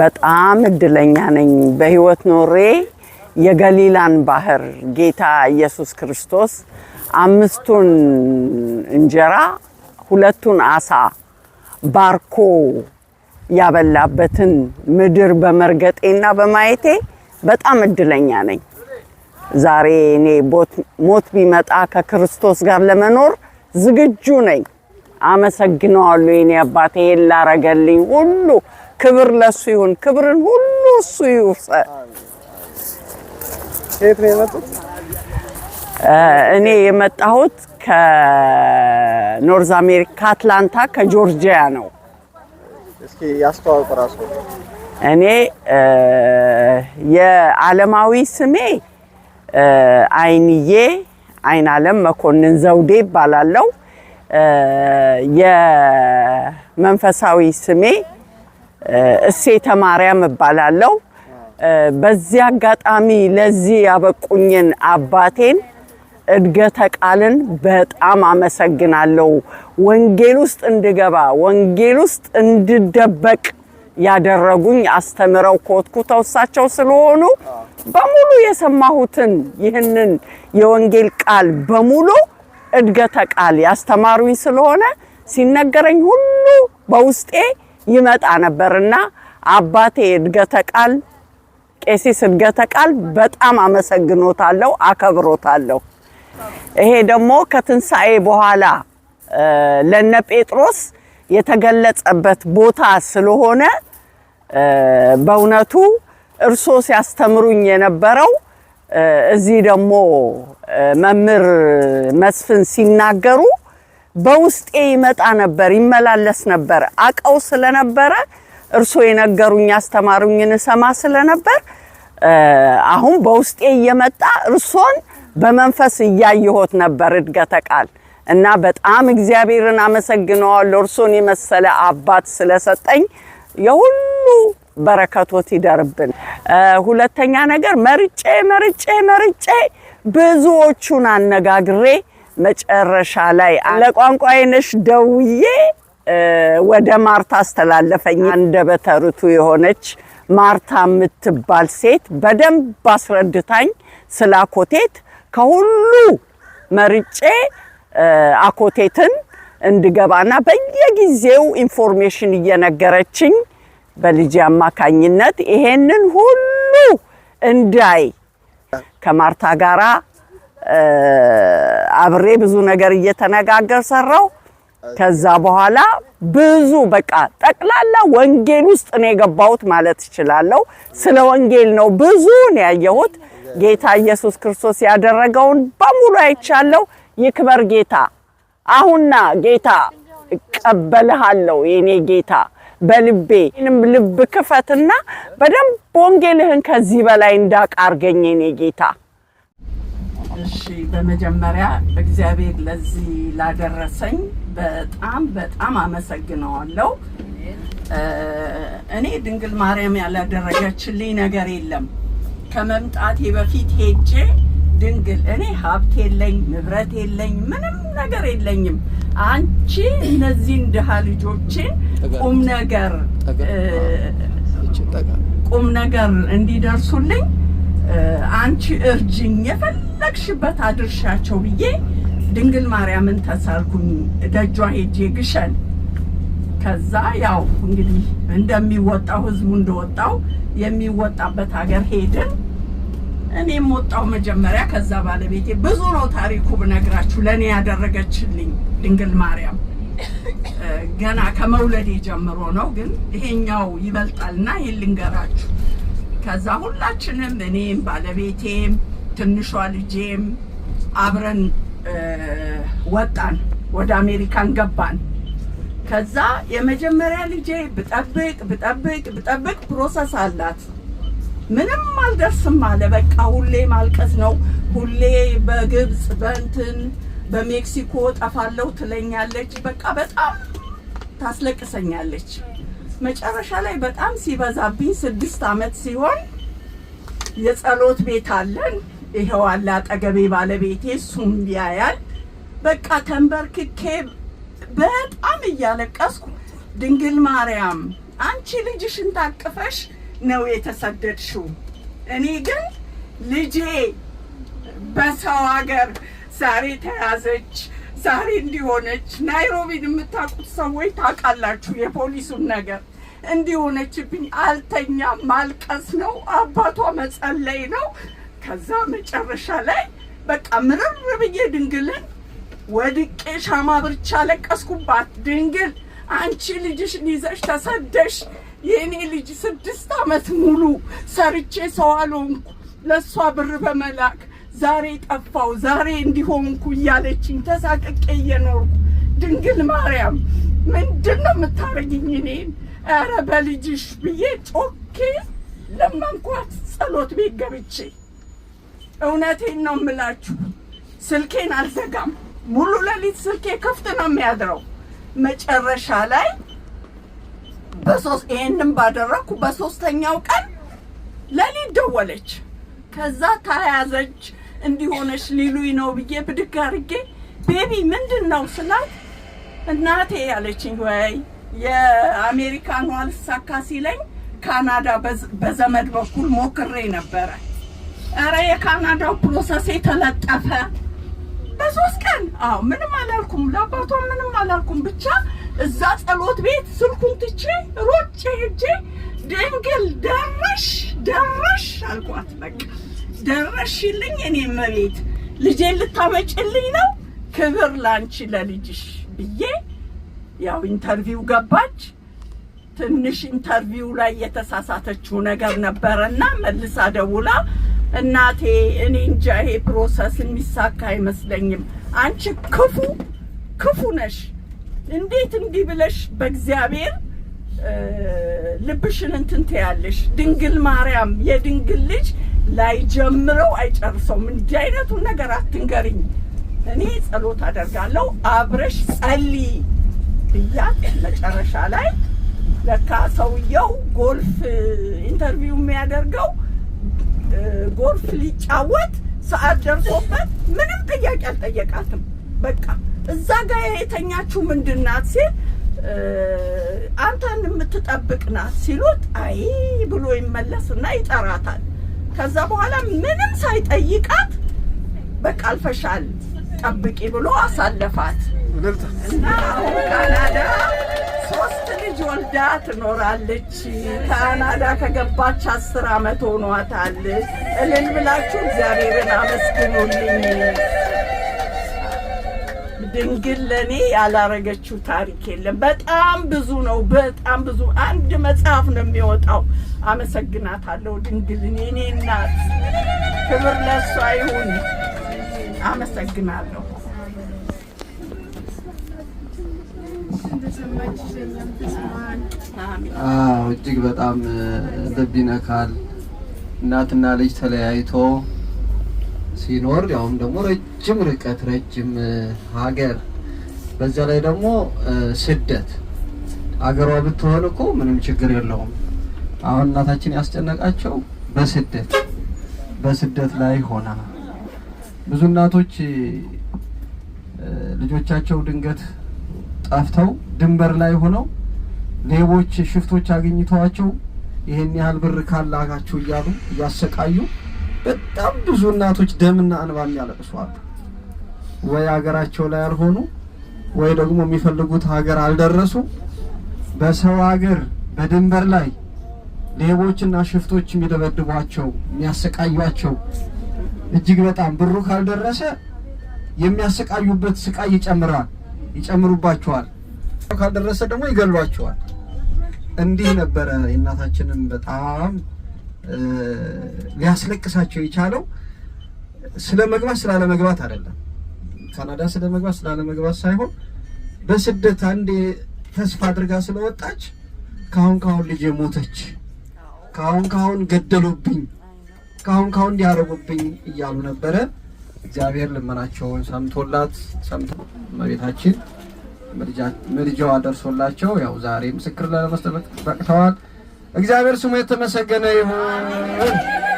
በጣም እድለኛ ነኝ። በህይወት ኖሬ የገሊላን ባህር ጌታ ኢየሱስ ክርስቶስ አምስቱን እንጀራ ሁለቱን አሳ ባርኮ ያበላበትን ምድር በመርገጤና በማየቴ በጣም እድለኛ ነኝ። ዛሬ እኔ ሞት ቢመጣ ከክርስቶስ ጋር ለመኖር ዝግጁ ነኝ። አመሰግነዋለሁ የኔ አባቴ ላረገልኝ ሁሉ ክብር ለሱ ይሁን። ክብርን ሁሉ እሱ ይውሰድ። እኔ የመጣሁት ከኖርዝ አሜሪካ አትላንታ ከጆርጂያ ነው። እስኪ ያስተዋውቁ ራሱ። እኔ የዓለማዊ ስሜ አይንዬ አይን አለም መኮንን ዘውዴ ይባላለው። የመንፈሳዊ ስሜ እሴተ ማርያም እባላለሁ። በዚህ አጋጣሚ ለዚህ ያበቁኝን አባቴን እድገተ ቃልን በጣም አመሰግናለሁ። ወንጌል ውስጥ እንድገባ ወንጌል ውስጥ እንድደበቅ ያደረጉኝ አስተምረው ኮትኩተው እሳቸው ስለሆኑ በሙሉ የሰማሁትን ይህንን የወንጌል ቃል በሙሉ እድገተ ቃል ያስተማሩኝ ስለሆነ ሲነገረኝ ሁሉ በውስጤ ይመጣ ነበርና አባቴ እድገተ ቃል ቄሲስ እድገተ ቃል በጣም አመሰግኖታለሁ፣ አከብሮታለሁ። ይሄ ደግሞ ከትንሣኤ በኋላ ለነ ጴጥሮስ የተገለጸበት ቦታ ስለሆነ በእውነቱ እርሶ ሲያስተምሩኝ የነበረው እዚህ ደግሞ መምህር መስፍን ሲናገሩ በውስጤ ይመጣ ነበር፣ ይመላለስ ነበር። አቀው ስለነበረ እርሶ የነገሩኝ ያስተማሩኝ ሰማ ስለነበር አሁን በውስጤ እየመጣ እርሶን በመንፈስ እያየሆት ነበር እድገተ ቃል እና በጣም እግዚአብሔርን አመሰግነዋለሁ። እርሶን የመሰለ አባት ስለሰጠኝ የሁሉ በረከቶት ይደርብን። ሁለተኛ ነገር መርጬ መርጬ መርጬ ብዙዎቹን አነጋግሬ መጨረሻ ላይ ለቋንቋይነሽ ደውዬ ወደ ማርታ አስተላለፈኝ። አንደበተ ርቱዕ የሆነች ማርታ የምትባል ሴት በደንብ አስረድታኝ ስለ አኮቴት ከሁሉ መርጬ አኮቴትን እንድገባና በየጊዜው ኢንፎርሜሽን እየነገረችኝ በልጅ አማካኝነት ይሄንን ሁሉ እንዳይ ከማርታ ጋራ አብሬ ብዙ ነገር እየተነጋገር ሰራው። ከዛ በኋላ ብዙ በቃ ጠቅላላ ወንጌል ውስጥ ነው የገባሁት ማለት እችላለሁ። ስለ ወንጌል ነው ብዙ ነው ያየሁት። ጌታ ኢየሱስ ክርስቶስ ያደረገውን በሙሉ አይቻለሁ። ይክበር ጌታ። አሁንና ጌታ እቀበልሃለሁ የኔ ጌታ በልቤ ልብ ክፈትና በደንብ ወንጌልህን ከዚህ በላይ እንዳቃርገኝ የኔ ጌታ እሺ በመጀመሪያ እግዚአብሔር ለዚህ ላደረሰኝ በጣም በጣም አመሰግነዋለሁ። እኔ ድንግል ማርያም ያላደረገችልኝ ነገር የለም። ከመምጣቴ በፊት ሄጄ ድንግል እኔ ሀብት የለኝ ንብረት የለኝ ምንም ነገር የለኝም። አንቺ እነዚህን ድሃ ልጆችን ቁም ነገር ቁም ነገር እንዲደርሱልኝ አንቺ እርጅኝ የፈል ፈለግሽበት አድርሻቸው ብዬ ድንግል ማርያምን ተሳልኩኝ። ደጇ ሄጄ ግሸን። ከዛ ያው እንግዲህ እንደሚወጣው ህዝቡ እንደወጣው የሚወጣበት ሀገር ሄድን። እኔም ወጣው መጀመሪያ። ከዛ ባለቤቴ ብዙ ነው ታሪኩ ብነግራችሁ፣ ለእኔ ያደረገችልኝ ድንግል ማርያም ገና ከመውለዴ ጀምሮ ነው፣ ግን ይሄኛው ይበልጣልና ይሄን ልንገራችሁ። ከዛ ሁላችንም እኔም ባለቤቴም ትንሿ ልጄም አብረን ወጣን፣ ወደ አሜሪካን ገባን። ከዛ የመጀመሪያ ልጄ ብጠብቅ ብጠብቅ ብጠብቅ ፕሮሰስ አላት። ምንም አልደርስም አለ። በቃ ሁሌ ማልቀስ ነው። ሁሌ በግብፅ በእንትን በሜክሲኮ ጠፋለሁ ትለኛለች። በቃ በጣም ታስለቅሰኛለች። መጨረሻ ላይ በጣም ሲበዛብኝ ስድስት ዓመት ሲሆን የጸሎት ቤት አለን ይኸው አለ አጠገቤ ባለቤቴ፣ እሱም ያያል። በቃ ተንበርክኬ በጣም እያለቀስኩ ድንግል ማርያም አንቺ ልጅሽን ታቅፈሽ ነው የተሰደድሽው፣ እኔ ግን ልጄ በሰው ሀገር ዛሬ ተያዘች፣ ዛሬ እንዲሆነች። ናይሮቢን የምታውቁት ሰዎች ታውቃላችሁ የፖሊሱን ነገር እንዲሆነችብኝ አልተኛም። ማልቀስ ነው አባቷ መጸለይ ነው ከዛ መጨረሻ ላይ በቃ ምርር ብዬ ድንግልን ወድቄ ሻማ ብርቻ ለቀስኩባት። ድንግል አንቺ ልጅሽን ይዘሽ ተሰደሽ፣ የእኔ ልጅ ስድስት ዓመት ሙሉ ሰርቼ ሰው አልሆንኩ ለእሷ ብር በመላክ ዛሬ ጠፋው ዛሬ እንዲሆንኩ እያለችኝ ተሳቅቄ እየኖርኩ ድንግል ማርያም ምንድን ነው የምታረጊኝ እኔን? ኧረ በልጅሽ ብዬ ጮኬ ለመንኳት ጸሎት ቤት ገብቼ እውነቴን ነው የምላችሁ፣ ስልኬን አልዘጋም። ሙሉ ሌሊት ስልኬ ክፍት ነው የሚያድረው። መጨረሻ ላይ በሶስት ይሄንን ባደረግኩ በሶስተኛው ቀን ሌሊት ደወለች። ከዛ ተያዘች እንዲሆነች ሊሉኝ ነው ብዬ ብድግ አድርጌ ቤቢ ምንድን ነው ስላት እናቴ ያለችኝ። ወይ የአሜሪካን አልሳካ ሲለኝ ካናዳ በዘመድ በኩል ሞክሬ ነበረ ኧረ የካናዳው ፕሮሰስ የተለጠፈ በሶስት ቀን አዎ፣ ምንም አላልኩም፣ ለአባቷ ምንም አላልኩም። ብቻ እዛ ጸሎት ቤት ስልኩን ትቼ ሮጬ ሄጄ ድንግል ደረሽ ደረሽ አልኳት። በቃ ደረሽልኝ፣ እኔ መቤት ልጄን ልታመጭልኝ ነው፣ ክብር ላንቺ ለልጅሽ ብዬ ያው ኢንተርቪው ገባች። ትንሽ ኢንተርቪው ላይ የተሳሳተችው ነገር ነበረና መልሳ ደውላ እናቴ እኔ እንጃ ይሄ ፕሮሰስ የሚሳካ አይመስለኝም። አንቺ ክፉ ክፉ ነሽ። እንዴት እንዲህ ብለሽ በእግዚአብሔር ልብሽን እንትን ትያለሽ? ድንግል ማርያም የድንግል ልጅ ላይ ጀምረው አይጨርሰውም። እንዲህ አይነቱን ነገር አትንገሪኝ። እኔ ጸሎት አደርጋለሁ አብረሽ ጸልይ ብያት መጨረሻ ላይ ለካ ሰውየው ጎልፍ ኢንተርቪው የሚያደርገው ጎርፍ ሊጫወት ሰዓት ደርሶበት ምንም ጥያቄ አልጠየቃትም። በቃ እዛ ጋ የተኛችው ምንድን ናት ሲል አንተን የምትጠብቅ ናት ሲሉት አይ ብሎ ይመለስና ይጠራታል። ከዛ በኋላ ምንም ሳይጠይቃት በቃ አልፈሻል ጠብቂ ብሎ አሳለፋት እና ወልዳ ትኖራለች። ካናዳ ከገባች አስር ዓመት ሆኗታል። እልል ብላችሁ እግዚአብሔርን አመስግኑልኝ። ድንግል ለእኔ ያላረገችው ታሪክ የለም። በጣም ብዙ ነው፣ በጣም ብዙ አንድ መጽሐፍ ነው የሚወጣው። አመሰግናታለሁ ድንግል እኔ እናት፣ ክብር ለእሷ ይሁን። አመሰግናለሁ። እጅግ በጣም ልብ ይነካል። እናትና ልጅ ተለያይቶ ሲኖር ያውም ደግሞ ረጅም ርቀት ረጅም ሀገር፣ በዛ ላይ ደግሞ ስደት። ሀገሯ ብትሆን እኮ ምንም ችግር የለውም። አሁን እናታችን ያስጨነቃቸው በስደት በስደት ላይ ሆና ብዙ እናቶች ልጆቻቸው ድንገት ጠፍተው ድንበር ላይ ሆነው ሌቦች፣ ሽፍቶች አግኝተዋቸው ይህን ያህል ብር ካላጋቸው እያሉ እያሰቃዩ በጣም ብዙ እናቶች ደምና እንባ የሚያለቅሱ አሉ። ወይ ሀገራቸው ላይ ያልሆኑ ወይ ደግሞ የሚፈልጉት ሀገር አልደረሱ። በሰው ሀገር በድንበር ላይ ሌቦችና ሽፍቶች የሚደበድቧቸው የሚያሰቃዩቸው እጅግ በጣም ብሩ ካልደረሰ የሚያሰቃዩበት ስቃይ ይጨምራል። ይጨምሩባችኋል። ካልደረሰ ደግሞ ይገሏችኋል። እንዲህ ነበረ የእናታችንን በጣም ሊያስለቅሳቸው የቻለው ስለ መግባት ስላለ መግባት አይደለም። ካናዳ ስለ መግባት ስላለ መግባት ሳይሆን በስደት አንዴ ተስፋ አድርጋ ስለወጣች ካሁን ካሁን ልጅ ሞተች፣ ካሁን ካሁን ገደሉብኝ፣ ካሁን ካሁን እንዲያረጉብኝ እያሉ ነበረ። እግዚአብሔር ልመናቸውን ሰምቶላት ሰምቶ እመቤታችን ምልጃዋ ደርሶላቸው ያው ዛሬ ምስክር ለመስጠት በቅተዋል። እግዚአብሔር ስሙ የተመሰገነ ይሁን።